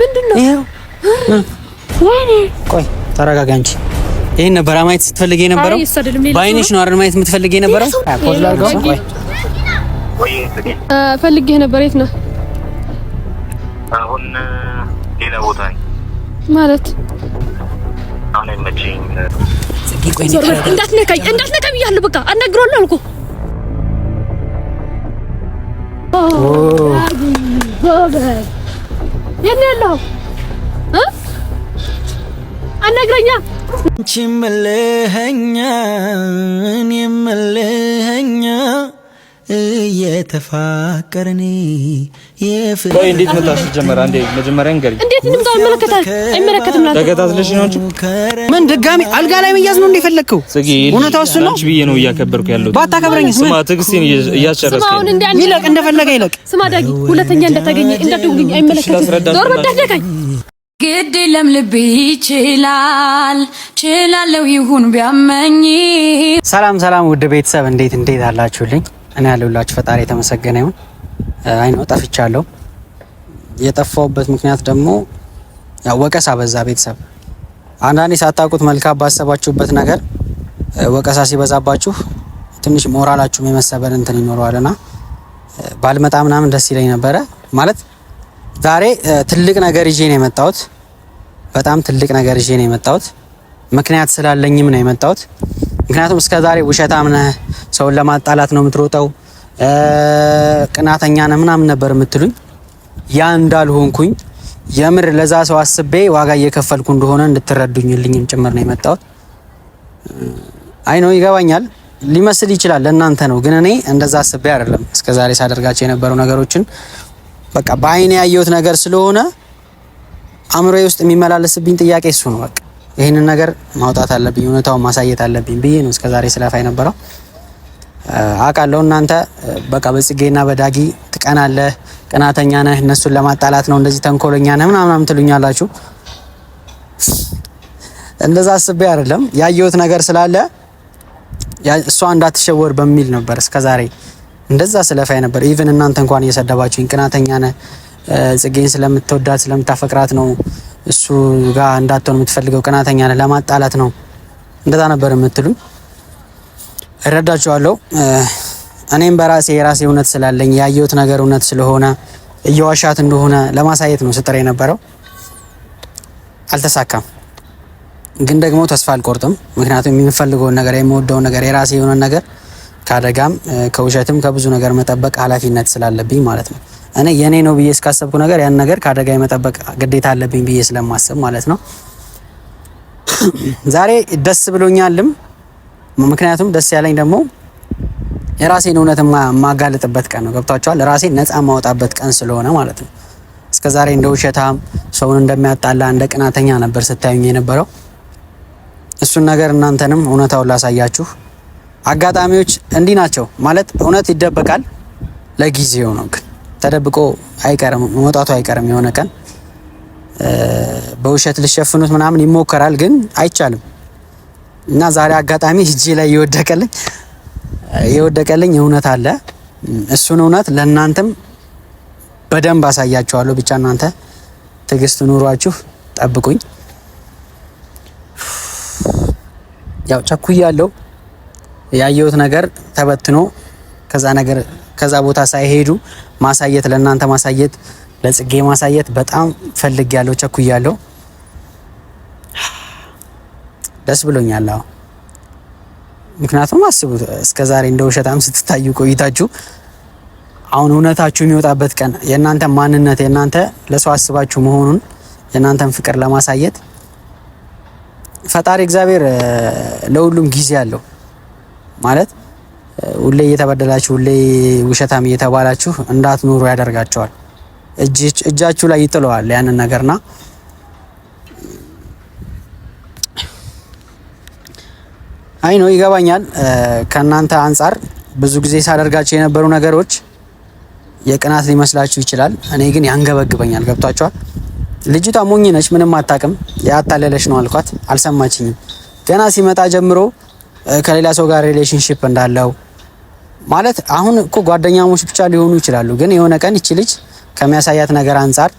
ምንድን ነው ቆይ ተረጋጋ እንጂ ይሄን ነበር ማየት ስትፈልግ የነበረው በአይንሽ ነው አይደል ማየት የምትፈልግ የነበረው ፈልጌ ነበር የት ነው አሁን ሌላ ቦታ ማለት አሁን እንዳትነካኝ እንዳትነካኝ በቃ አናግረዋለሁ አልኩህ ኦ የት ነው ያለኸው? አነግረኛ አንቺ ምልኸኛ እኔ ምልኸኛ እየተፋቀርን የፍቅር እንዴት መጣሽ? ጀመራ እንዴ መጀመሪያ ንገሪ። እንዴት ነው? አይመለከታል አይመለከትም። ላ ተከታትለሽ ነው እንጂ ምን ድጋሚ አልጋ ላይ መያዝ ነው እንደፈለግከው። ጽጌ፣ እውነታው እሱ ነው ብዬ ነው እያከበርኩ ያለሁት። ባታከብረኝ ስማ፣ ትዕግስቴን እያስጨረስከኝ ይለቅ፣ እንደፈለገ ይለቅ። ስማ ዳጊ፣ ሁለተኛ እንደተገኘ እንዳትደውልኝ፣ አይመለከትም። ዞር በዳደቀኝ ግድ የለም ልብ ይችላል ችላለው ይሁን ቢያመኝ። ሰላም ሰላም፣ ውድ ቤተሰብ እንዴት እንዴት አላችሁልኝ? እኔ ያለሁላችሁ ፈጣሪ የተመሰገነ ይሁን። አይ ጠፍቻለሁ። የጠፋሁበት ምክንያት ደግሞ ያው ወቀሳ በዛ። ቤተሰብ አንዳንዴ ሳታውቁት መልካም ባሰባችሁበት ነገር ወቀሳ ሲበዛባችሁ ትንሽ ሞራላችሁም የመሰበር እንትን ይኖረዋልና ባልመጣ ምናምን ደስ ይለኝ ነበረ። ማለት ዛሬ ትልቅ ነገር ይዤ ነው የመጣሁት። በጣም ትልቅ ነገር ይዤ ነው የመጣሁት። ምክንያት ስላለኝም ነው የመጣሁት። ምክንያቱም እስከ ዛሬ ውሸታም ነህ፣ ሰውን ለማጣላት ነው የምትሮጠው፣ ቅናተኛ ነህ ምናምን ነበር የምትሉኝ። ያ እንዳልሆንኩኝ የምር ለዛ ሰው አስቤ ዋጋ እየከፈልኩ እንደሆነ እንድትረዱኝልኝም ጭምር ነው የመጣሁት። አይ ነው ይገባኛል፣ ሊመስል ይችላል ለእናንተ ነው፣ ግን እኔ እንደዛ አስቤ አይደለም እስከዛሬ ሳደርጋቸው የነበሩ ነገሮችን በቃ በአይኔ ያየሁት ነገር ስለሆነ አእምሮዬ ውስጥ የሚመላለስብኝ ጥያቄ እሱ ነው በቃ ይህንን ነገር ማውጣት አለብኝ፣ እውነታውን ማሳየት አለብኝ ብዬ ነው እስከዛሬ ስለፋ የነበረው። አውቃለሁ እናንተ በቃ በጽጌና በዳጊ ትቀናለህ፣ ቅናተኛ ነህ፣ እነሱን ለማጣላት ነው እንደዚህ ተንኮለኛ ነህ ምናምናም ትሉኛላችሁ። እንደዛ አስቤ አይደለም ያየሁት ነገር ስላለ እሷ እንዳትሸወር በሚል ነበር እስከዛሬ እንደዛ ስለፋይ ነበር። ኢቭን እናንተ እንኳን እየሰደባችሁኝ ቅናተኛ ነህ ጽጌን ስለምትወዳት ስለምታፈቅራት ነው እሱ ጋር እንዳትሆን የምትፈልገው ቅናተኛ ነህ ለማጣላት ነው እንደዛ ነበር የምትሉኝ። እረዳችኋለሁ። እኔም በራሴ የራሴ እውነት ስላለኝ ያየሁት ነገር እውነት ስለሆነ እየዋሻት እንደሆነ ለማሳየት ነው ስጥር የነበረው። አልተሳካም፣ ግን ደግሞ ተስፋ አልቆርጥም። ምክንያቱም የምፈልገውን ነገር የምወደውን ነገር የራሴ የሆነ ነገር ከአደጋም ከውሸትም ከብዙ ነገር መጠበቅ ኃላፊነት ስላለብኝ ማለት ነው። እኔ የኔ ነው ብዬ እስካሰብኩ ነገር ያን ነገር ከአደጋ የመጠበቅ ግዴታ አለብኝ ብዬ ስለማሰብ ማለት ነው። ዛሬ ደስ ብሎኛልም፣ ምክንያቱም ደስ ያለኝ ደግሞ የራሴን እውነት የማጋልጥበት ቀን ነው። ገብቷቸዋል። ራሴን ነፃ የማወጣበት ቀን ስለሆነ ማለት ነው። እስከ ዛሬ እንደ ውሸታም ሰውን እንደሚያጣላ እንደ ቅናተኛ ነበር ስታዩኝ የነበረው። እሱን ነገር እናንተንም እውነታውን ላሳያችሁ። አጋጣሚዎች እንዲህ ናቸው ማለት እውነት ይደበቃል፣ ለጊዜው ነው ግን ተደብቆ አይቀርም መውጣቱ አይቀርም። የሆነ ቀን በውሸት ልሸፍኑት ምናምን ይሞከራል፣ ግን አይቻልም። እና ዛሬ አጋጣሚ እጄ ላይ የወደቀልኝ የወደቀልኝ እውነት አለ። እሱን እውነት ለእናንተም በደንብ አሳያችኋለሁ። ብቻ እናንተ ትዕግስት ኑሯችሁ ጠብቁኝ። ያው ቸኩያለሁ። ያየሁት ነገር ተበትኖ ከዛ ነገር ከዛ ቦታ ሳይሄዱ ማሳየት ለእናንተ ማሳየት ለጽጌ ማሳየት በጣም ፈልግ ያለው ቸኩ ያለው ደስ ብሎኛል። አዎ ምክንያቱም አስቡት እስከ ዛሬ እንደ ውሸታም ስትታዩ ቆይታችሁ አሁን እውነታችሁ የሚወጣበት ቀን የእናንተ ማንነት የእናንተ ለሰው አስባችሁ መሆኑን የእናንተን ፍቅር ለማሳየት ፈጣሪ እግዚአብሔር ለሁሉም ጊዜ አለው ማለት ሁሌ እየተበደላችሁ ሁሌ ውሸታም እየተባላችሁ እንዳትኖሩ ያደርጋቸዋል። እጃችሁ ላይ ይጥለዋል ያንን ነገርና አይ ነው ይገባኛል። ከእናንተ አንጻር ብዙ ጊዜ ሳደርጋቸው የነበሩ ነገሮች የቅናት ሊመስላችሁ ይችላል። እኔ ግን ያንገበግበኛል። ገብቷቸዋል። ልጅቷ ሞኝ ነች፣ ምንም አታቅም፣ ያታለለሽ ነው አልኳት። አልሰማችኝም። ገና ሲመጣ ጀምሮ ከሌላ ሰው ጋር ሪሌሽንሽፕ እንዳለው ማለት አሁን እኮ ጓደኛሞች ብቻ ሊሆኑ ይችላሉ፣ ግን የሆነ ቀን ይቺ ልጅ ከሚያሳያት ነገር አንጻር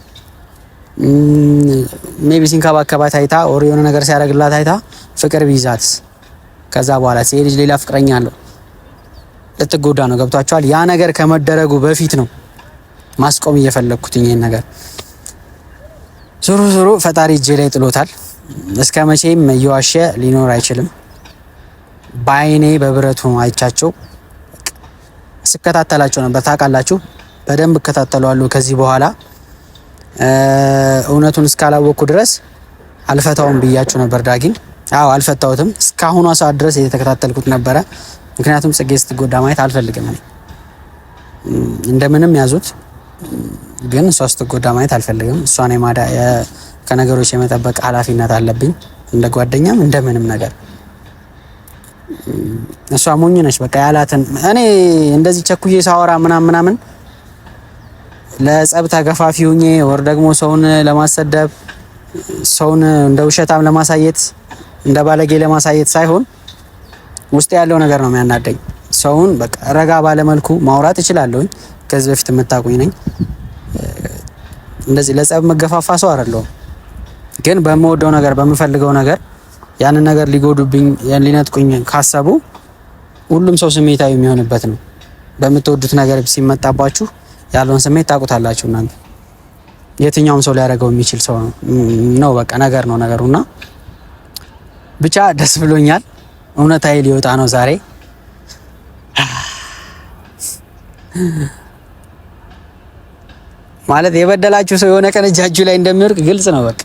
ሜቢ ሲንከባከባት አይታ ኦር የሆነ ነገር ሲያደርግላት አይታ ፍቅር ቢይዛትስ? ከዛ በኋላ ይሄ ልጅ ሌላ ፍቅረኛ አለው ልትጎዳ ነው። ገብቷቸዋል። ያ ነገር ከመደረጉ በፊት ነው ማስቆም እየፈለግኩትኝ ይህን ነገር። ዞሮ ዞሮ ፈጣሪ እጄ ላይ ጥሎታል። እስከ መቼም እየዋሸ ሊኖር አይችልም። በአይኔ በብረቱ አይቻቸው ስከታተላቸው ነበር። ታውቃላችሁ፣ በደንብ እከታተለዋለሁ። ከዚህ በኋላ እውነቱን እስካላወቅኩ ድረስ አልፈታውም ብያችሁ ነበር ዳጊን። አዎ አልፈታውትም እስካሁኗ ሰዓት ድረስ እየተከታተልኩት ነበረ። ምክንያቱም ጽጌ ስትጎዳ ማየት አልፈልግም። እኔ እንደምንም ያዙት፣ ግን እሷ ስትጎዳ ማየት አልፈልግም። እሷን ከነገሮች የመጠበቅ ኃላፊነት አለብኝ እንደ ጓደኛም እንደምንም ነገር እሷ ሞኝ ነች። በቃ ያላትን እኔ እንደዚህ ቸኩዬ ሳወራ ምናምን ምናምን ለጸብ ተገፋፊ ሁኜ ወር ደግሞ ሰውን ለማሰደብ ሰውን እንደ ውሸታም ለማሳየት እንደ ባለጌ ለማሳየት ሳይሆን ውስጥ ያለው ነገር ነው የሚያናደኝ። ሰውን በቃ ረጋ ባለመልኩ ማውራት እችላለሁኝ። ከዚህ በፊት የምታቁኝ ነኝ። እንደዚህ ለጸብ መገፋፋ ሰው አይደለሁም፣ ግን በምወደው ነገር በምፈልገው ነገር ያንን ነገር ሊጎዱብኝ ሊነጥቁኝ ካሰቡ ሁሉም ሰው ስሜታዊ የሚሆንበት ነው። በምትወዱት ነገር ሲመጣባችሁ ያለውን ስሜት ታውቁታላችሁ እናንተ። የትኛውም ሰው ሊያደርገው የሚችል ሰው ነው። በቃ ነገር ነው ነገሩና ብቻ ደስ ብሎኛል። እውነታዬ ሊወጣ ነው ዛሬ። ማለት የበደላችሁ ሰው የሆነ ቀን እጃችሁ ላይ እንደሚወድቅ ግልጽ ነው በቃ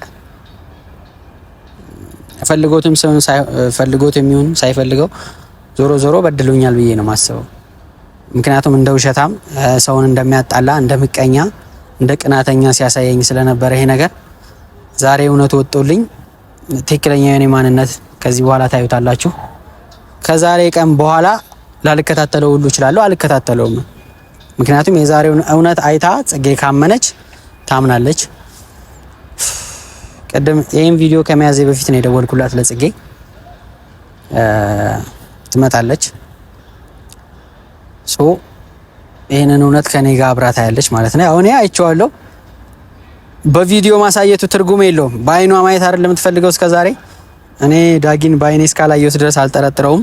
ፈልጎትም ፈልጎት የሚሆን ሳይፈልገው ዞሮ ዞሮ በድሎኛል ብዬ ነው ማስበው። ምክንያቱም እንደ ውሸታም ሰውን እንደሚያጣላ እንደ ምቀኛ እንደ ቅናተኛ ሲያሳየኝ ስለነበረ ይሄ ነገር ዛሬ እውነት ወጥቶልኝ ትክክለኛ የኔ ማንነት ከዚህ በኋላ ታዩታላችሁ። ከዛሬ ቀን በኋላ ላልከታተለው ሁሉ እችላለሁ፣ አልከታተለውም። ምክንያቱም የዛሬውን እውነት አይታ ጽጌ ካመነች ታምናለች። ቀደም ይህም ቪዲዮ ከመያዜ በፊት ነው የደወልኩላት ለጽጌ ትመጣለች። ሶ ይህንን እውነት ከኔ ጋር አብራ ታያለች ማለት ነው። አሁን አይቼዋለሁ። በቪዲዮ ማሳየቱ ትርጉም የለውም። በአይኗ ማየት አይደለም የምትፈልገው እስከዛሬ። እኔ ዳጊን በአይኔ እስካላየሁት ድረስ አልጠረጥረውም።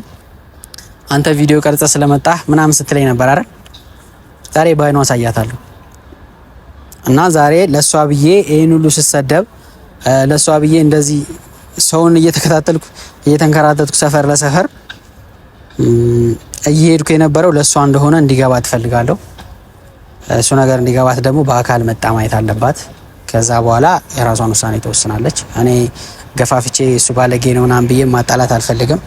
አንተ ቪዲዮ ቀርጸ ስለመጣህ ምናምን ስትለኝ ነበር አይደል? ዛሬ በአይኗ አሳያታለሁ። እና ዛሬ ለእሷ ብዬ ይህን ሁሉ ስሰደብ ለእሷ ብዬ እንደዚህ ሰውን እየተከታተልኩ እየተንከራተትኩ ሰፈር ለሰፈር እየሄድኩ የነበረው ለእሷ እንደሆነ እንዲገባት ትፈልጋለሁ። እሱ ነገር እንዲገባት ደግሞ በአካል መጣ ማየት አለባት። ከዛ በኋላ የራሷን ውሳኔ ትወስናለች። እኔ ገፋፍቼ እሱ ባለጌ ነው ምናምን ብዬ ማጣላት አልፈልግም፣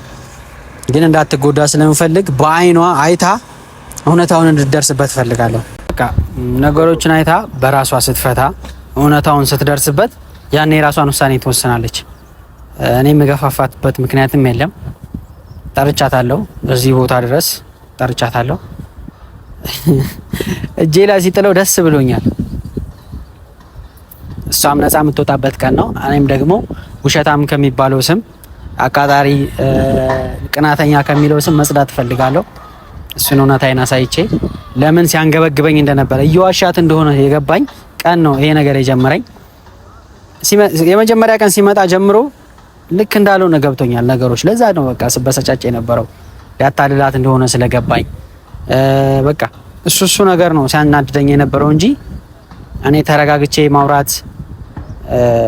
ግን እንዳትጎዳ ስለምፈልግ በአይኗ አይታ እውነታውን እንድደርስበት እፈልጋለሁ። በቃ ነገሮችን አይታ በራሷ ስትፈታ እውነታውን ስትደርስበት ያኔ የራሷን ውሳኔ ትወስናለች። እኔ የምገፋፋትበት ምክንያትም የለም። ጠርቻታለሁ፣ እዚህ ቦታ ድረስ ጠርቻታለሁ። እጄ ላይ ሲጥለው ደስ ብሎኛል። እሷም ነፃ የምትወጣበት ቀን ነው። እኔም ደግሞ ውሸታም ከሚባለው ስም፣ አቃጣሪ፣ ቅናተኛ ከሚለው ስም መጽዳት እፈልጋለሁ። እሱን እውነታዬን አሳይቼ ለምን ሲያንገበግበኝ እንደነበረ እየዋሻት እንደሆነ የገባኝ ቀን ነው ይሄ ነገር የጀመረኝ። የመጀመሪያ ቀን ሲመጣ ጀምሮ ልክ እንዳልሆነ ገብቶኛል ነገሮች። ለዛ ነው በቃ ስበሰጫጭ የነበረው ሊያታልላት እንደሆነ ስለገባኝ በቃ እሱ እሱ ነገር ነው ሲያናድደኝ የነበረው እንጂ እኔ ተረጋግቼ ማውራት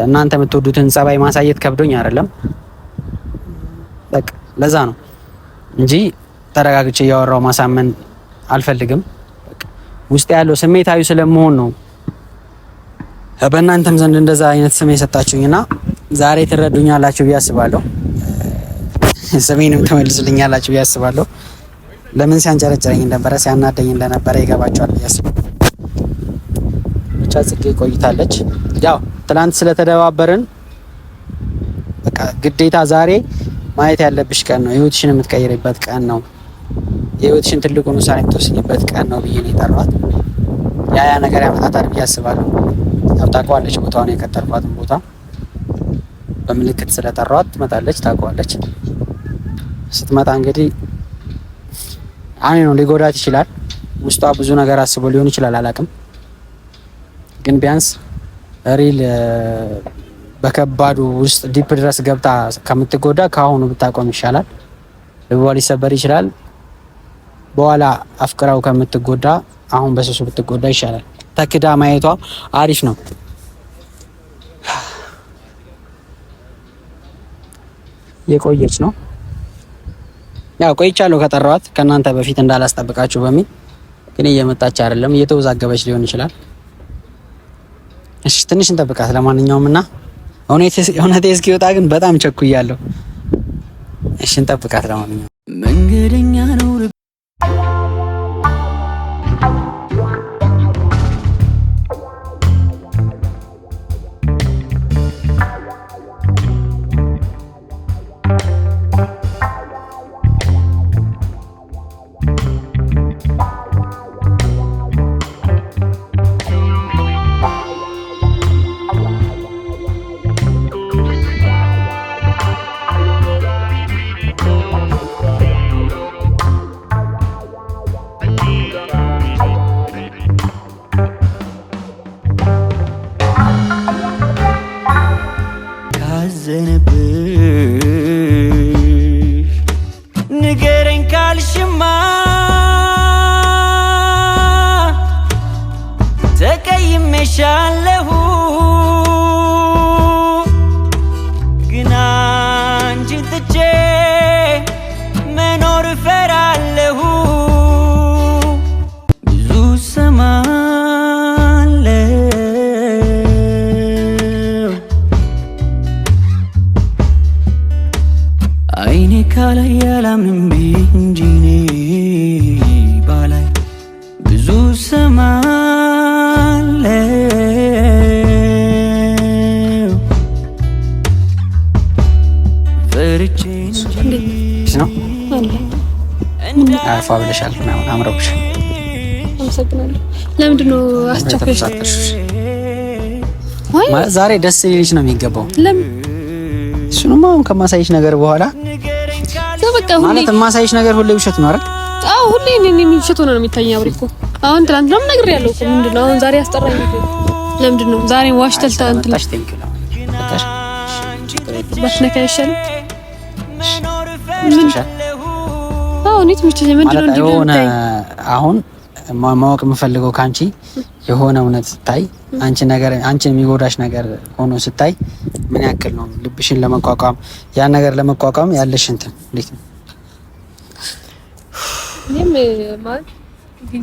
እናንተ የምትወዱትን ጸባይ ማሳየት ከብዶኝ አይደለም። በቃ ለዛ ነው እንጂ ተረጋግቼ እያወራው ማሳመን አልፈልግም። ውስጥ ያለው ስሜታዊ ስለመሆን ነው በእናንተም ዘንድ እንደዛ አይነት ስም የሰጣችሁኝና ዛሬ ትረዱኛላችሁ ብዬ አስባለሁ። ስሜንም ትመልሱልኛላችሁ ብዬ አስባለሁ። ለምን ሲያንጨረጨረኝ እንደነበረ ሲያናደኝ እንደነበረ ይገባቸዋል ብዬ አስባለሁ። ብቻ ጽጌ ቆይታለች። ያው ትላንት ስለተደባበርን በቃ ግዴታ ዛሬ ማየት ያለብሽ ቀን ነው፣ ህይወትሽን የምትቀይርበት ቀን ነው፣ የህይወትሽን ትልቁን ውሳኔ የምትወስኝበት ቀን ነው ብዬ ነው የጠሯት። ያ ያ ነገር ያመጣታል ብዬ አስባለሁ። ያው ታውቀዋለች ቦታውን የቀጠርኳትን ቦታ በምልክት ስለጠራዋት ትመጣለች፣ ታውቀዋለች። ስትመጣ እንግዲህ አኔ ነው ሊጎዳት ይችላል። ውስጧ ብዙ ነገር አስቦ ሊሆን ይችላል፣ አላውቅም። ግን ቢያንስ ሪል በከባዱ ውስጥ ዲፕ ድረስ ገብታ ከምትጎዳ ከአሁኑ ብታቆም ይሻላል። ልቧ ሊሰበር ይችላል። በኋላ አፍቅራው ከምትጎዳ አሁን በሰሱ ብትጎዳ ይሻላል። ተክዳ ማየቷ አሪፍ ነው። የቆየች ነው ያው ቆይቻለሁ ከጠራዋት ከእናንተ በፊት እንዳላስጠብቃችሁ በሚል ግን እየመጣች አይደለም፣ እየተወዛገበች ሊሆን ይችላል። እሺ ትንሽ እንጠብቃት ለማንኛውም እና እውነቴ እስኪወጣ ግን በጣም ቸኩያለሁ። እሺ እንጠብቃት ለማንኛውም መንገደኛ ነው። ፏ ብለሻል ምናምን አምረብሻል። አመሰግናለሁ። ነው አስቸኮልሽ? ማለት ዛሬ ደስ ሊልሽ ነው የሚገባው። ለምን? እሱንማ አሁን ከማሳይሽ ነገር በኋላ ማለት የማሳይሽ ነገር ሁሌ ውሸት ነው አይደል? አዎ፣ ሁሌ እኔ ውሸት ሆነ ነው የሚታየኝ። አብሬ እኮ አሁን ትናንት ለምን ነገር ያለው እኮ ምንድን ነው አሁን ዛሬ አስጠራኝ። ለምንድን ነው ዛሬ ዋሽተል ታንትል ባትነካ ይሻላል። የሆነ አሁን ማወቅ የምፈልገው ከአንቺ የሆነ እውነት ስታይ አንቺ ነገር አንቺን የሚጎዳሽ ነገር ሆኖ ስታይ ምን ያክል ነው ልብሽን ለመቋቋም ያን ነገር ለመቋቋም ያለሽ እንትን እንዴት ነው? ማለት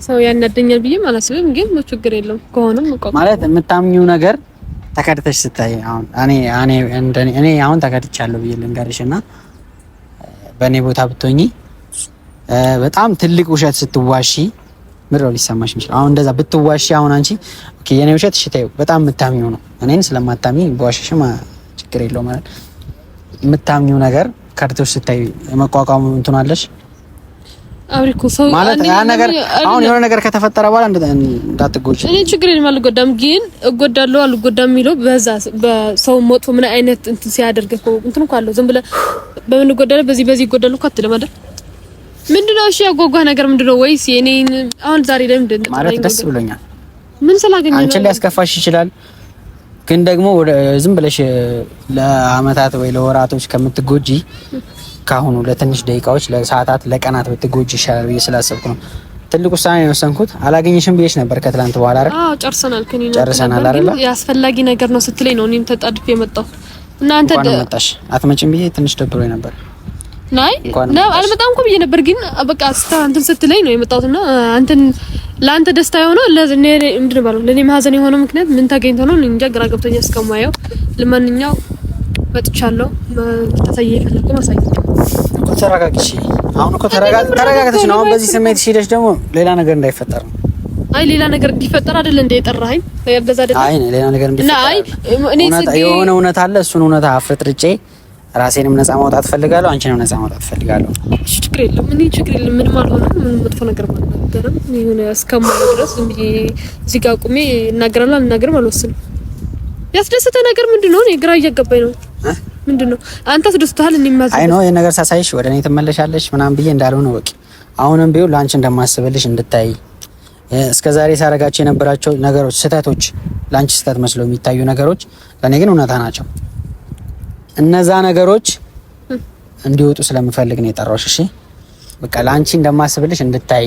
ሰው ያናደኛል ብዬ አላስብም፣ ግን ችግር የለውም ከሆነም ማለት የምታምኚው ነገር ተከድተሽ ስታይ አሁን እኔ እኔ እኔ አሁን ተከድቻለሁ ብዬ ልንገርሽ እና በእኔ ቦታ ብትሆኚ በጣም ትልቅ ውሸት ስትዋሺ ምድሮ ሊሰማሽ ይችላል። አሁን እንደዛ ብትዋሺ አሁን አንቺ የኔ ውሸት ሽታ በጣም የምታምኚው ነው። እኔን ስለማታሚ በዋሸሽም ችግር የለው ማለት የምታምኚው ነገር ከርቶሽ ስታይ መቋቋሙ እንትናለሽ ማለት ያ ነገር አሁን የሆነ ነገር ከተፈጠረ በኋላ እንዳትጎጂ። እኔ ችግር የለም አልጎዳም፣ ግን እጎዳለሁ አልጎዳም የሚለው በዛ በሰው መጥፎ ምን አይነት እንትን ሲያደርግ እኮ እንትን እኮ አለው። ዝም ብለህ በምን እጎዳለሁ በዚህ በዚህ እጎዳለሁ እኮ አትልም አይደል? ምንድነው? እሺ ያጓጓ ነገር ምንድነው? ወይስ የኔን አሁን ዛሬ ለምን ነው ማለት ደስ ብሎኛል። ምን ስላገኘ አንቺን ሊያስከፋሽ ይችላል፣ ግን ደግሞ ዝም ብለሽ ለአመታት ወይ ለወራቶች ከምትጎጂ ካሁኑ ለትንሽ ደቂቃዎች፣ ለሰዓታት፣ ለቀናት ብትጎጂ ይሻላል ብዬ ስላሰብኩ ነው። ትልቅ ውሳኔ ነው የወሰንኩት። አላገኘሽም ብዬሽ ነበር ከትላንት በኋላ አይደል? አዎ ጨርሰናል። ከኔ ነው ጨርሰናል አይደል? ያስፈላጊ ነገር ነው ስትለኝ ነው እኔም ተጣድፌ የመጣሁ እና አንተ መጣሽ አትመጭም ብዬ ትንሽ ደብሮኝ ነበር። ናይ አልመጣም እኮ ብዬ ነበር፣ ግን በቃ ስታ አንተን ስትለኝ ነው የመጣሁትና አንተን ለአንተ ደስታ የሆነው ለኔ ምንድን ባለው ለኔ ማዘን የሆነው ምክንያት ምን ተገኝቶ ነው እንጃ፣ ግራ ገብቶኛ እስከማየው። ለማንኛው መጥቻለሁ። ተሳየ ይፈልኩ ማሳየ እኮ ተረጋግቼ አሁን እኮ ተረጋግተሽ ነው። አሁን በዚህ ስሜት ሄደሽ ደግሞ ሌላ ነገር እንዳይፈጠር ነው። አይ ሌላ ነገር እንዲፈጠር አይደለ እንደ የጠራኸኝ በዛ አይደል? አይ ሌላ ነገር እንዲፈጠር አይ እኔ የሆነ እውነት አለ። እሱን እውነት አፍጥርጬ ራሴንም ነፃ ማውጣት ፈልጋለሁ፣ አንቺንም ነፃ ማውጣት ፈልጋለሁ። እሺ፣ ችግር የለም። እኔ ችግር የለም። ምንም አልሆነም። ምንም መጥፎ ነገር አልናገርም። የሆነ እስከማለው ድረስ ዝም ብዬ እዚህ ጋር ቁሜ እናገራለሁ አልናገርም አልወስንም። ያስደሰተ ነገር ምንድን ነው? እኔ ግራ እያገባኝ ነው። ምንድን ነው አንተ አስደስቶሃል? እኔ ማዝ አይ ነው ይሄን ነገር ሳሳይሽ ወደ እኔ ትመለሻለሽ ምናምን ብዬ እንዳልሆነ ወቂ አሁንም ቢሆን ለአንቺ እንደማስብልሽ እንድታይ እስከ ዛሬ ሳረጋቸው የነበራቸው ነገሮች ስህተቶች፣ ለአንቺ ስህተት መስሎ የሚታዩ ነገሮች ለእኔ ግን እውነታ ናቸው። እነዛ ነገሮች እንዲወጡ ስለምፈልግ ነው የጠራሁሽ። እሺ በቃ ለአንቺ እንደማስብልሽ እንድታይ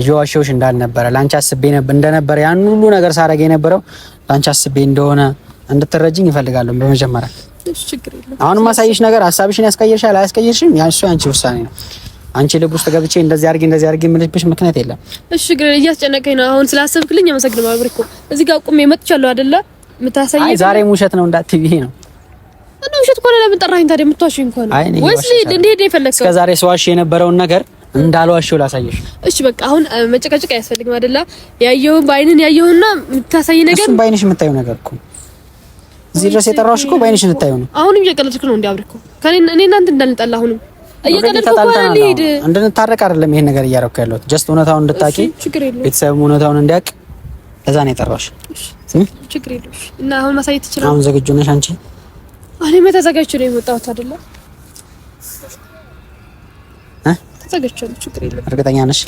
እየዋሸሁሽ እንዳልነበረ ላንቺ አስቤ እንደነበረ ያን ሁሉ ነገር ሳረገ የነበረው ላንቺ አስቤ እንደሆነ እንድትረጅኝ ይፈልጋለሁ። በመጀመሪያ አሁን ማሳየሽ ነገር ሀሳብሽን ያስቀየርሻል አያስቀየርሽም፣ ያሱ አንቺ ውሳኔ ነው። አንቺ ልብ ውስጥ ገብቼ እንደዚህ አድርጊ እንደዚህ አድርጊ የምልብሽ ምክንያት የለም። እሺ ግሬ እያስጨነቀኝ ነው። አሁን ስላሰብክልኝ አመሰግናለሁ። አብሬ እዚህ ጋር ቁሜ መጥቻለሁ አይደለ? የምታሳየኝ ዛሬ ውሸት ነው እንዳትዪ ነው እና ውሸት ከሆነ ለምን ጠራኸኝ ታዲያ? የምትዋሽኝ ከሆነ ወይስ እንዴት የፈለግከው? እስከ ዛሬ ስዋሽ የነበረውን ነገር እንዳልዋሽው ላሳየሽ። እሺ በቃ አሁን መጨቃጨቅ አያስፈልግም አይደለ? ያየው በአይንን ያየውና የምታሳይ ነገር እሱም በአይንሽ የምታየው ነገር እኮ እዚህ ድረስ የጠራሁሽ እኮ በአይንሽ እንታየው ነው። አሁንም እየቀለድክ ነው እንዲያብር እኮ ከኔ እኔ እናንተ እንዳልጠላ አሁንም እንድንታረቅ አይደለም ይሄን ነገር ያለሁት ጀስት እውነታውን እንድታቂ ቤተሰብም እውነታውን እንዲያውቅ ለዛ ነው የጠራሁሽ። ችግር የለውም እና አሁን ማሳየት ትችላለህ። አሁን ዝግጁ ነሽ አንቺ? እኔማ ተዘጋጅቼ ነው የመጣሁት። አይደለም ተዘጋጅቼ ነው። ችግር የለም። እርግጠኛ ነሽ?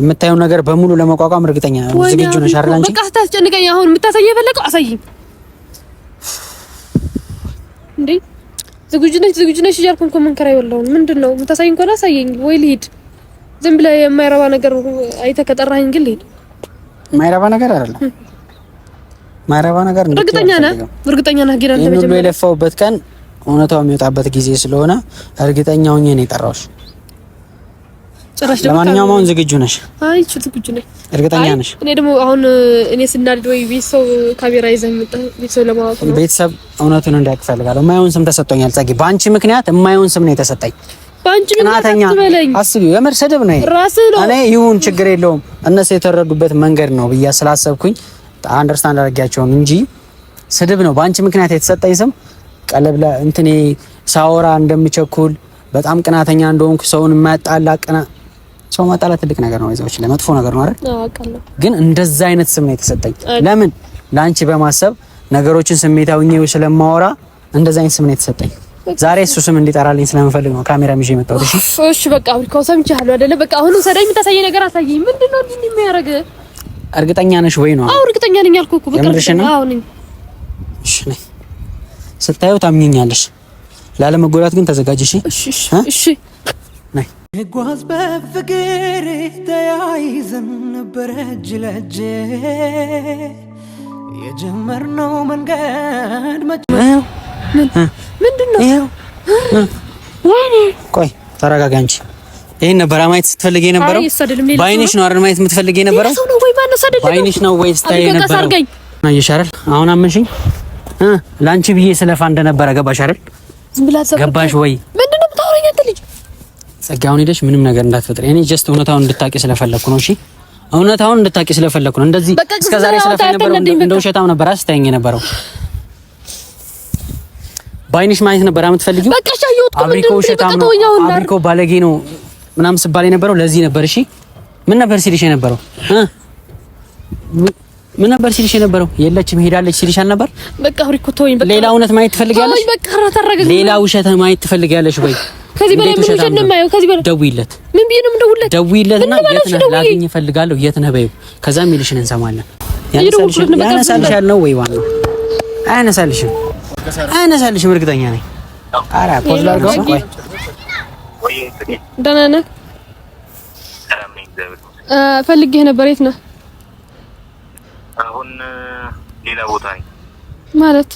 የምታየው ነገር በሙሉ ለመቋቋም እርግጠኛ ዝግጁ ነሽ? በቃ አታስጨንቀኝ። አሁን የምታሳየኝ የፈለገው አሳይኝ። እንዴ ዝግጁ ነሽ? ዝግጁ ነሽ እያልኩ እኮ መንከራ የወለውን ምንድን ነው የምታሳይኝ? ከሆነ አሳየኝ ወይ ልሂድ። ዝም ብለህ የማይረባ ነገር አይተህ ከጠራኸኝ ግን ልሂድ። የማይረባ ነገር አይደለም ማረባ ነገር እርግጠኛ ነህ? እርግጠኛ ነህ? ጌራ ለመጀመሪያ የለፋውበት ቀን እውነታው የሚወጣበት ጊዜ ስለሆነ እርግጠኛ ሆኜ ነው የጠራሁሽ። ለማንኛውም አሁን ዝግጁ ነሽ? አይ ዝግጁ ነኝ። እርግጠኛ ነሽ? እኔ ደግሞ አሁን እኔ ስናድድ ወይ ቤተሰብ ካሜራ ይዘህ ቤተሰብ ለማወቅ ነው። ቤተሰብ እውነቱን እንዳያውቅ እፈልጋለሁ። የማይሆን ስም ተሰጥቶኛል ጸጌ፣ በአንቺ ምክንያት የማይሆን ስም ነው የተሰጠኝ። ባንቺ ምክንያት አትበለኝ። አስቢው፣ የምር ስድብ ነው ይሄ። ነው። እኔ ይሁን ችግር የለውም እነሱ የተረዱበት መንገድ ነው ብዬ ስላሰብኩኝ አንደርስታንድ አድርጊያቸውን እንጂ ስድብ ነው። በአንቺ ምክንያት የተሰጠኝ ስም ቀለብ እንትኔ ሳወራ እንደምቸኩል በጣም ቅናተኛ እንደሆንኩ ሰውን የማያጣላ ቅና ሰው ማጣላ ትልቅ ነገር ነው። ይዘዎች ለመጥፎ ነገር ነው አይደል? ግን እንደዛ አይነት ስም ነው የተሰጠኝ። ለምን ለአንቺ በማሰብ ነገሮችን ስሜታዊ ስለማወራ እንደዛ አይነት ስም ነው የተሰጠኝ። ዛሬ እሱ ስም እንዲጠራልኝ ስለምፈልግ ነው ካሜራ ይዤ የመጣሁት። እሺ፣ እሺ፣ በቃ አብሪካው ሰምቻለሁ አይደለ? በቃ አሁን ሰደኝ የምታሳየኝ ነገር አሳየኝ። ምንድነው እንዲህ የሚያደርግ እርግጠኛ ነሽ ወይ ነው? አዎ እርግጠኛ ነኝ አልኩህ እኮ በቃ አዎ ነኝ። እሺ ነኝ ስታየው ታምኚኛለሽ። ላለመጎዳት ግን ተዘጋጅ። እሺ እሺ ነኝ ጓዝ በፍቅር ተያይዘን ነበረ እጅ ለእጅ የጀመርነው መንገድ ምንድን ነው? ቆይ ተረጋጋ እንጂ። ይሄን ነበር ማየት ስትፈልግ የነበረው? በአይንሽ ነው አይደል ማየት የምትፈልግ የነበረው? በዓይንሽ ነው ወይስ ታይ ነበር? አየሽ አይደል? አሁን አመንሽኝ። ለአንቺ ብዬ ስለፋ እንደነበረ ገባሽ አይደል? ገባሽ ወይ? ምንድነው የምታወራኝ አንተ ልጅ? ጸጋ፣ አሁን ሄደሽ ምንም ነገር እንዳትፈጥሪ። እኔ ጀስት እውነታውን እንድታቂ ስለፈለኩ ነው። እሺ እውነታውን እንድታቂ ስለፈለኩ ነው። እንደዚህ እስከዛሬ ስለፋ የነበረው እንደ ውሸታም ነበር አስተያየኝ የነበረው በዓይንሽ ማየት ነበር የምትፈልጊው። በቃ ሻዩት አብሪኮ ውሸታም ነው፣ አብሪኮ ባለጌ ነው ምናምን ስባል የነበረው ለዚህ ነበር። እሺ ምን ነበር ሲልሽ የነበረው? ምን ነበር ሲልሽ የነበረው? የለችም ሄዳለች ሲልሽ አልነበር? በቃ ሁሪኩ ተወኝ። በቃ ሌላ እውነት ማየት ትፈልጊያለሽ? በቃ ተረጋግጥ። ሌላ ውሸት ማየት ትፈልጊያለሽ ወይ? ከዚህ በላይ ምን ውሸት ነው የማየው? ከዚህ በላይ ደውይለት። ምን ብዬሽ ነው ደውይለት ደውይለትና የት ነህ ላግኝ እፈልጋለሁ፣ የት ነህ በይው። ከዛም ይልሽን እንሰማለን። ያነሳልሻል ነው ወይ? ዋናው አያነሳልሽም፣ አያነሳልሽም እርግጠኛ ነኝ። ኧረ ፖዝ ላድርገው። ቆይ ደህና ነህ? ፈልጌህ ነበር። የት ነህ? አሁን ሌላ ቦታ ነኝ ማለት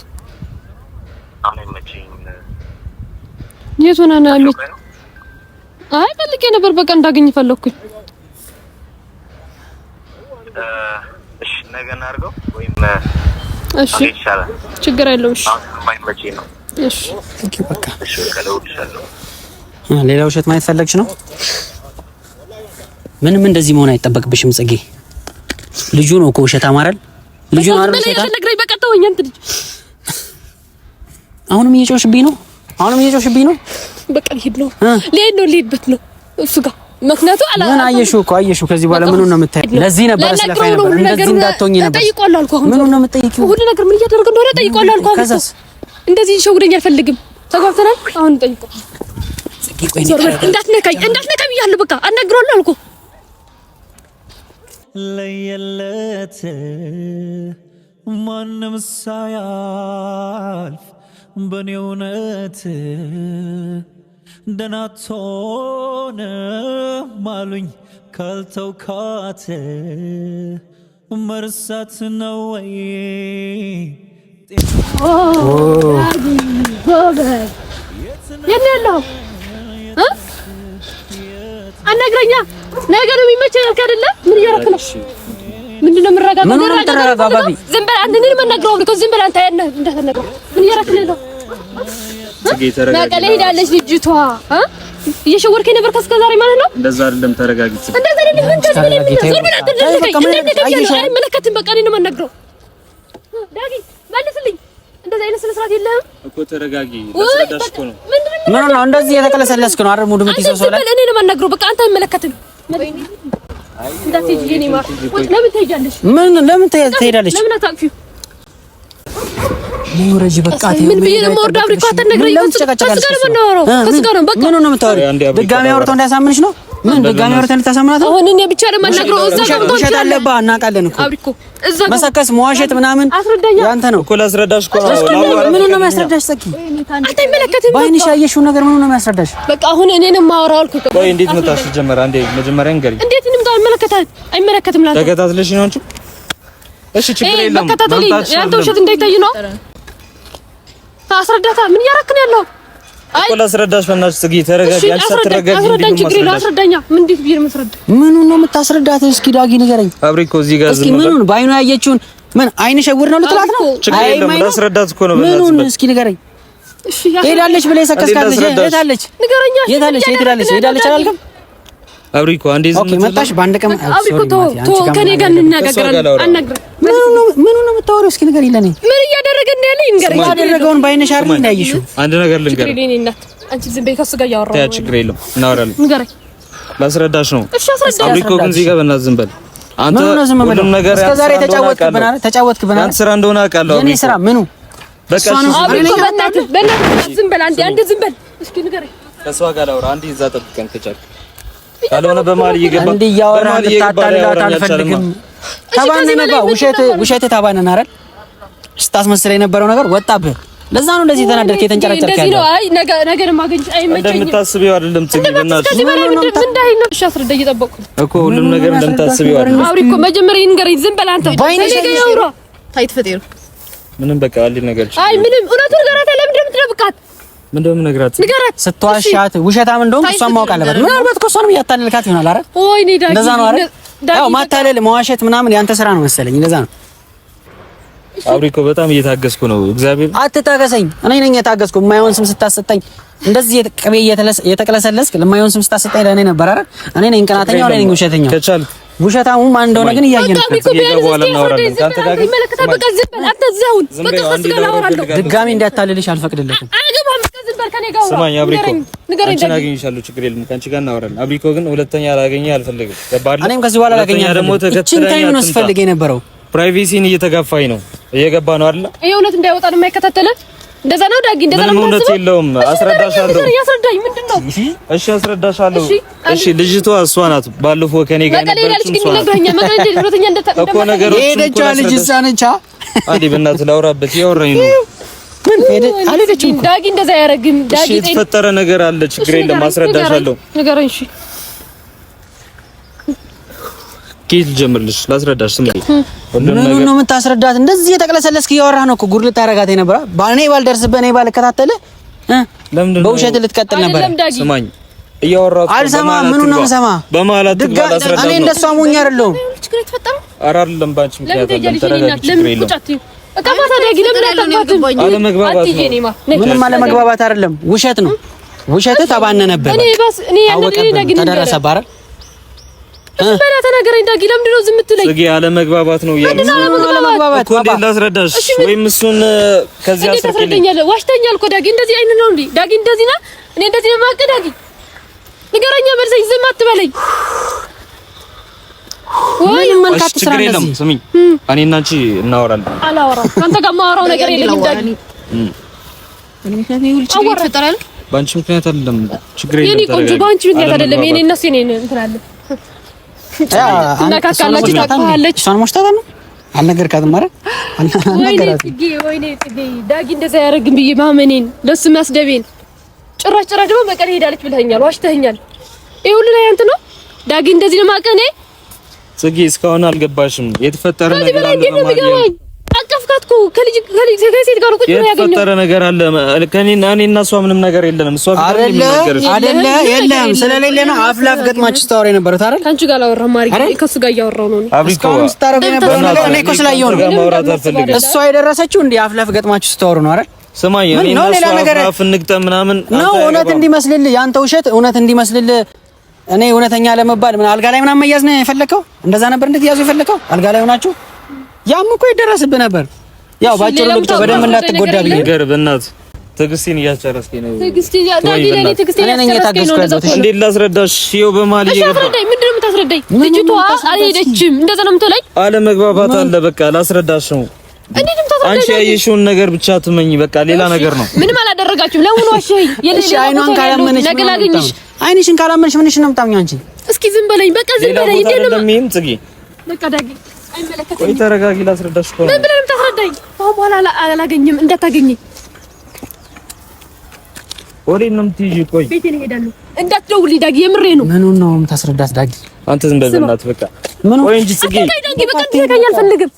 አሁን አይመችኝም። የት ሆነህ ነው ያለሁት? አይ ፈልጌ ነበር፣ በቃ እንዳገኝ ፈለኩኝ። እሺ ነገ እናድርገው ወይም እሺ ይሻላል። ችግር የለውም። እሺ አይመችኝ ነው። እሺ ኦኬ፣ በቃ እሺ። ሌላ ውሸት ማየት ፈለግሽ ነው? ምንም እንደዚህ መሆን አይጠበቅብሽም ጽጌ ልጁ ነው እኮ ውሸት አማራል። ልጁ ነው አይደል? አሁንም እየጮሽብኝ ነው። አሁንም እየጮሽብኝ ነው። በቃ ልሄድ ነው፣ ልሄድ ነው፣ ልሄድበት ነው እሱ ጋር ምክንያቱ አላ ምን አየሽው እኮ አየሽው። ከዚህ በኋላ ምኑ ነው የምታይው? ለዚህ ነበር ስለፋይ ነበር እንደዚህ እንዳትሆኚ ነበር። ጠይቆላል እኮ አሁን ምኑ ነው የምጠይቂው? ሁሉ ነገር ምን እያደረገ እንደሆነ ጠይቆላል አሁን ከዛስ እንደዚህ ሸውደኝ አልፈልግም። ተጓብተናል። አሁን ጠይቆ እንዳትነካኝ እንዳትነካኝ እያለሁ በቃ አናግሮላል እኮ ለየለት ማንም ሳያልፍ በኔ እውነት ደናቶነ ማሉኝ ካልተውካት መርሳት ነው ወይ የት ያለው አናግረኛ ነገሩ ነው የሚመቸኝ አልክ አይደለ? ምን እያደረክ ነው? ምንድን ነው የምረጋጋው? ምን ዝም በል አንተ። ምን መናገረው አብልቶ ዝም በል አንተ። ያለህ ምን እያደረክ ነው? መቀሌ ሄዳለች ልጅቷ። እየሸወርከኝ ነበር እስከ ዛሬ ማለት ነው። እንደዛ አይደለም። ተረጋጊ። እንደዛ አይደለም። ምን ታስብለኝ? ዞር በል አንተ። እንደዚህ አይመለከትም። በቃ እኔን ነው የምናግረው። ዳጊ መልስልኝ እንደዚህ አይነት ስነ ስርዓት የለህም እኮ ተረጋጊ። ለሰዳሽ ምን ነው እንደዚህ የተቀለሰለስክ ነው አይደል? ሙድ ምትይዘው ሰው ላይ እኔ ነው የማናግረው። በቃ አንተ አይመለከትም። እንዳትሄጂ የኔ ማር፣ ለምን ትሄጃለሽ? ምን ለምን ትሄዳለሽ? ለምን አታቅፊው? ውረጂ በቃ ምን ብዬሽ ነው የምወርድ? አብሬ እኮ አትነግረኝም። ከእሱ ጋር ነው የምናወራው። ከእሱ ጋር ነው በቃ። ድጋሚ አውርተው እንዳያሳምንሽ ነው ምን በጋሚ ወርተን ልታሰምናት አሁን እኔ ብቻ ለማናግረው እዛ ጋር ውሸት እኮ አብሪኮ እዛ መሰከስ መዋሸት ምናምን ያንተ ነው እኮ ላስረዳሽ እኮ ነው የሚያስረዳሽ? ነገር ምን ነው የሚያስረዳሽ? በቃ አሁን እኔንም ማወራው አልኩ። ቆይ እንዴት መጣሽ? ጀመረ አንዴ መጀመሪያ ንገሪኝ። እንዴት እንምጣ? አይመለከታል አይመለከትም። ላንተ ተከታትለሽ ነው አንቺ እሺ፣ ችግር የለም። መከታተል ያንተ ውሸት እንዳይታይ ነው። ምን እያረክን ያለው እኮ ላስረዳሽ፣ በእናትሽ ጽጌ ተረጋጊ። አንቺ ሳትረጋጊ አስረዳኝ። ችግር የለውም አስረዳኛ። ምን እንዴት ብዬሽ ነው የምትረዳኝ? ምኑን ነው የምታስረዳት? እስኪ ዳጊ ንገረኝ። አብሬ እኮ እዚህ ጋር እስኪ ምኑን በአይኗ ያየችውን ምን አይን ሸውር ነው ልትላት ነው? ችግር የለም ላስረዳት እኮ ነው። ምኑን እስኪ ንገረኝ። ሄዳለች ብለህ የሰከስካለች። ሄዳለች ንገረኛ። ሄዳለች ሄዳለች ሄዳለች አላልክም? አብሪኮ አንዴ ዝም ብለሽ መጣሽ። በአንድ ቀን አብሪኮ ቶ ተው ከኔ ጋር እንነጋገራለን። አናግረን ምኑን ነው የምታወሪው? እስኪ ንገሪኝ ለእኔ ምን ይንገረኝ። ያደረገውን ባይነሽ አይደል እንዴ አንድ ነገር ልንገር አንቺ ችግር የለም እናወራለን። ንገረኝ። ላስረዳሽ ነው። እሺ አስረዳሽ። ግን እዚህ ጋር በእናትህ ዝም በል አንተ። ሁሉም ነገር እስከዛሬ ተጫወትክብን አይደል? ተጫወትክብን አይደል? ስራ እንደሆነ አውቃለሁ። ስራ ምኑ በቃ በእናትህ በእናትህ ዝም በል አንዴ፣ አንዴ ዝም በል እስኪ ንገረኝ። ከእሷ ጋር ላውራ አንዴ፣ እዛ ጠብቀን ከቻልክ ካልሆነ በመሀል እየገባ እንዲህ አልፈልግም። ውሸት ውሸት ተባነን አይደል ስታስመስል የነበረው ነገር ወጣብህ። ለዛ ነው እንደዚህ ተናደርክ፣ የተንጨረጨርክ ያለው። እንደዚህ ነው። አይ ነገ ነገ ማገኘት አይመቸኝም። እንደምታስቢው አይደለም። ትግል በእናትሽ ምን እንዳይነው። እሺ አስረዳ፣ እየጠበቅኩ እኮ ሁሉም ነገር እንደምታስቢው አይደለም። አውሪ እኮ መጀመሪያ ይንገረኝ። ዝም በል አንተ። ነገ ያውራ ታይት ፈጤሩ ምንም በቃ አለ ነገር አይ ምንም እውነቱን ንገራት። ለምን እንደምትደብቃት ምን እንደምነግራት ንገራት። ስትዋሻት ውሸታም እንደሆነ እሷን ማወቅ አለበት። ምናልባት እኮ እሷንም እያታለልካት ይሆናል። አረ እንደዛ ነው። አረ ያው ማታለል መዋሸት ምናምን ያንተ ስራ ነው መሰለኝ። እንደዛ ነው አብሪኮ በጣም እየታገስኩ ነው። እግዚአብሔር አትታገሰኝ። እኔ ነኝ የታገስኩ። የማይሆን ስም ስታሰጠኝ እንደዚህ ቅቤ እየተቀለሰለስክ ለማይሆን ስም ስታሰጠኝ ለእኔ ነበር አረ እኔ ነኝ ቀናተኛ፣ እኔ ነኝ ውሸተኛ። ከቻል ውሸታሙ ማን እንደሆነ ግን እያየን ነው። እንዳታልልሽ አልፈቅድለትም። ስማኝ አብሪኮ፣ አንቺን አገኝሻለሁ፣ ችግር የለም። ከአንቺ ጋር እናወራለን። አብሪኮ ግን ሁለተኛ ላገኘህ አልፈልግም። እኔም ከዚህ በኋላ ላገኘህ ደግሞ ተከትለኝ ነው ስፈልግ የነበረው ፕራይቬሲን እየተጋፋኝ ነው። እየገባ ነው አይደል? ይሄ እውነት እንዳይወጣ ነው የማይከታተለ እንደዛ ነው ዳጊ፣ እንደዛ ነው ማለት እውነት የለውም። አስረዳሻለሁ። ያስረዳኝ ምንድነው? እሺ አስረዳሻለሁ። እሺ ልጅቷ እሷ ናት። ባለፈው ከኔ ጋር ነበር እኮ ነገር ሄደች። ልጅ እሷ ነች። አዲ ብናት ላውራበት ያወራኝ ነው። ምን ሄደ አልሄደችም። ዳጊ እንደዛ ያረግም። ዳጊ የተፈጠረ ነገር አለ። ችግር የለም። አስረዳሻለሁ። ንገረኝ። እሺ ኬዝ ልጀምርልሽ፣ ላስረዳሽ። ስም ምኑን ነው የምታስረዳት? እንደዚህ የተቀለሰለስክ እያወራህ ነው እኮ ጉድ ልታረጋት የነበረ ባኔ ባልደርስብህ፣ እኔ ባልከታተልህ፣ በውሸት ልትቀጥል ነበር። ስማኝ፣ እያወራሁት አልሰማ። ምኑን ነው ሰማ በማላት የምሰማህ? እኔ እንደሷ ሞኝ አይደለሁም። ኧረ አይደለም፣ በአንቺ ምክንያት አይደለም። ተረጋግቼ ችግር የለውም። ምንም አለመግባባት አይደለም፣ ውሸት ነው። ውሸትህ ተባነነብህ፣ አወቀብህ፣ ተደረሰብህ። በላ ተናገረኝ። ዳጊ ለምንድን ነው ዝም የምትለኝ? ጽጌ ያለ መግባባት ነው እያለ እንዴት ላስረዳሽ? ወይም እሱን ከዚህ ዋሽተኛል እኮ ዳጊ። እንደዚህ ነው እንዴ ዳጊ? እንደዚህ እኔ እንደዚህ ነው ዳጊ? ንገረኛ፣ መልሰኝ። ዝም አትበለኝ። ወይ መልካት ስራ ስሚኝ፣ እኔ እና አንቺ እናወራለን። አላወራም ከአንተ ጋር የማወራው ነገር የለኝም ዳጊ። በአንቺ ምክንያት አይደለም ችግር የለም። የእኔ ቆንጆ በአንቺ ምክንያት አይደለም። የእኔ እና የእኔ እንትን አለ ትነካካላችሁ፣ ታቅፋለች። እሷን ሞሽታታ ነው አልነገርካትም? ኧረ ወይኔ ጽጌ ዳጊ እንደዛ ያደርግም ብዬ ማመኔን ለሱ ማስደቤን ጭራሽ ጭራሽ ደግሞ መቀሌ ሄዳለች ብለኸኛል፣ ዋሽተኸኛል። ይሄ ሁሉ ላይ አንተ ነው ዳጊ እንደዚህ ነው ማቀኔ። ጽጌ እስካሁን አልገባሽም የተፈጠረ ነገር አለ ነው አቀፍካት እኮ ከልጅ ከልጅ ከሴት ጋር ቁጭ ብሎ የተፈጠረ ነገር አለ። እኔ እና እሷ ምንም ነገር የለንም። እሷ አይደለ አይደለ የለም ስለሌለ ነው። አፍ ገጥማችሁ ስታወራ የነበረት አይደል? ከአንቺ ጋር አላወራም። አሪፍ ከእሱ ጋር እያወራሁ ነው። እስካሁን ስታረጉ የነበረ ነገር እኔ እኮ ስላየሁ ነው። እሷ የደረሰችው እንደ አፍ ላፍ ገጥማችሁ ስታወሩ ነው አይደል? ስማኝ፣ እኔ እና እሷ አፍ እንግጠም ምናምን ነው። እውነት እንዲመስልልህ ያንተ ውሸት እውነት እንዲመስልልህ እኔ እውነተኛ ለመባል ምን አልጋ ላይ ምናምን መያዝ ነው የፈለከው? እንደዛ ነበር እንድትያዙ የፈለከው አልጋ ላይ ሆናችሁ ያም እኮ ይደረስብህ ነበር። ያው ባጭሩ ልቅጦ በደንብ እንዳትጎዳ ብዬ ነገር በእናት ትዕግስቴን እያጨረስከኝ ነው። ላስረዳሽ? ይኸው በመሀል እንደዛ ነው አለመግባባት አለ። በቃ ላስረዳሽ ነው። አንቺ ያየሽውን ነገር ብቻ ትመኝ። በቃ ሌላ ነገር ነው። ምንም አላደረጋችሁም። ለምን ዋሸኸኝ? አይኗን ካላመነሽ ነገ አይንሽን ካላመነሽ ነው የምታምኚው አንቺ? እስኪ ዝም በለኝ። በቃ ዝም በለኝ። ነው በቃ ቆይ ተረጋጊ፣ ላስረዳሽ እኮ ነው። ምን ብለህ ታስረዳኝ? አሁን በኋላ አላገኝም እንዳታገኘኝ። ወዴት ነው የምትይዥ? ቆይ ቤቴ ነው እሄዳለሁ። እንዳትደውልኝ ዳጊ፣ የምሬ ነው። ምኑን ነው የምታስረዳት ዳጊ? አንተ ዝም በል በእናትህ በቃ። ምኑን ቆይ እንጂ ጽጌ፣ ዳጊ በቃ ትዘጋኝ አልፈልግም።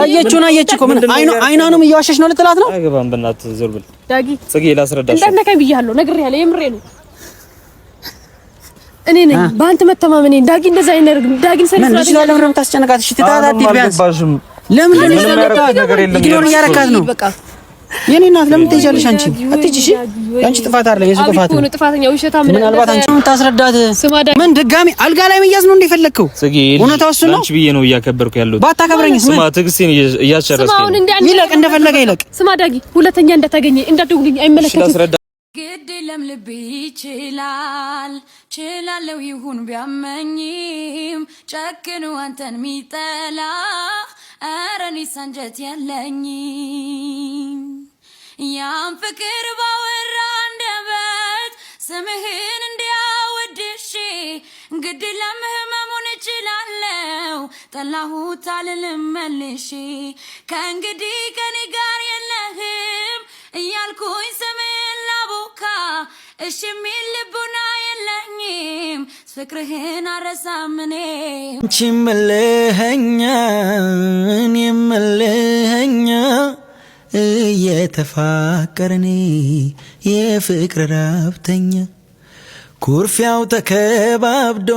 ያየችውን አየች እኮ ምን አይኗንም እየዋሸሽ ነው ልትላት ነው። አይገባም። በእናትህ ዞር ብል ዳጊ። ጽጌ ላስረዳሽ። እንዳትነካኝ ብያለሁ፣ ነግሬሃለሁ። የምሬ ነው እኔ ነኝ በአንተ መተማመኔ። ዳጊ እንደዛ አይነርግም። ዳጊ ምን እሺ ለምን ነው? የኔ እናት ለምን አንቺ አንቺ ጥፋት የሱ ጥፋት ነው። ጥፋተኛ ውሸታ ምን አንቺ ምን ድጋሚ አልጋ ላይ መያዝ ነው እንደፈለግከው። እውነታው እሱ ነው። አንቺ ብዬ ነው እያከበርኩ ያለሁት። ባታከብረኝ ስማ፣ ትዕግስቴን እያስጨረስኩ ይለቅ፣ እንደፈለገ ይለቅ። ስማ ዳጊ፣ ሁለተኛ እንደተገኘ እንዳትደውልኝ፣ አይመለከትም ግድ የለም ልቤ ይችላል ችላለው ይሁን ቢያመኝም ጨክኑ አንተን ሚጠላ አረኒስ አንጀት የለኝም ያም ፍቅር ባወራ አንደበት ስምህን እንዲያወድሼ ግድ የለም ህመሙን እችላለው ጠላሁት አልልም መልሼ ከእንግዲህ ከኔ ጋር የለህም እያልኩኝ እሺ የሚል ልቡና የለኝም ፍቅርህን አረሳም እኔ አንቺ ምልኸኛ እኔ ምልኸኛ እየተፋቀረኔ የፍቅር ረብተኛ ኩርፊያው ተከባብዶ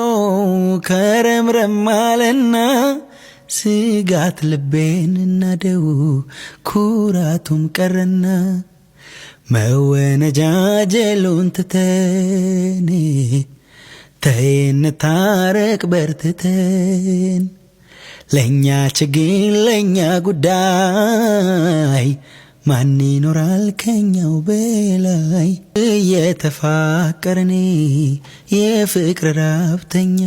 ከረምረም አለና ስጋት ልቤን እናደው ኩራቱም ቀረና መወነጃጀሉን ትተን ተይን ታረቅ በርትተን ለእኛ ችግኝ ለእኛ ጉዳይ ማን ይኖራል ከኛው በላይ እየተፋቀረኔ የፍቅር ራብተኛ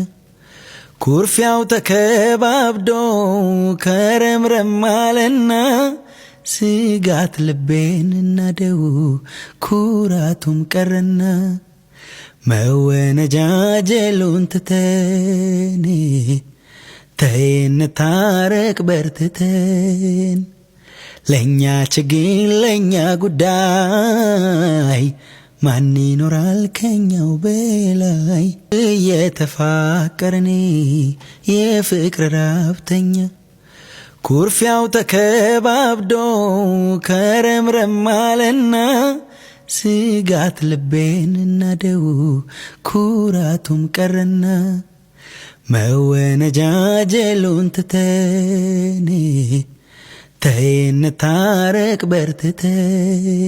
ኩርፊያው ተከባብዶ ከረምረም አለና ስጋት ልቤን እናደው ኩራቱም ቀረና መወነጃጀሉን ትተን ተይን ታረቅ በርትተን ለእኛ ችግኝ ለእኛ ጉዳይ ማን ይኖራል ከኛው በላይ እየተፋቀረኔ የፍቅር ራብተኛ ኩርፊያው ተከባብዶ ከረምረም አለና ስጋት ልቤን እናደው ኩራቱም ቀረና መወነጃጀሉን ተይን ታረቅ በርትተን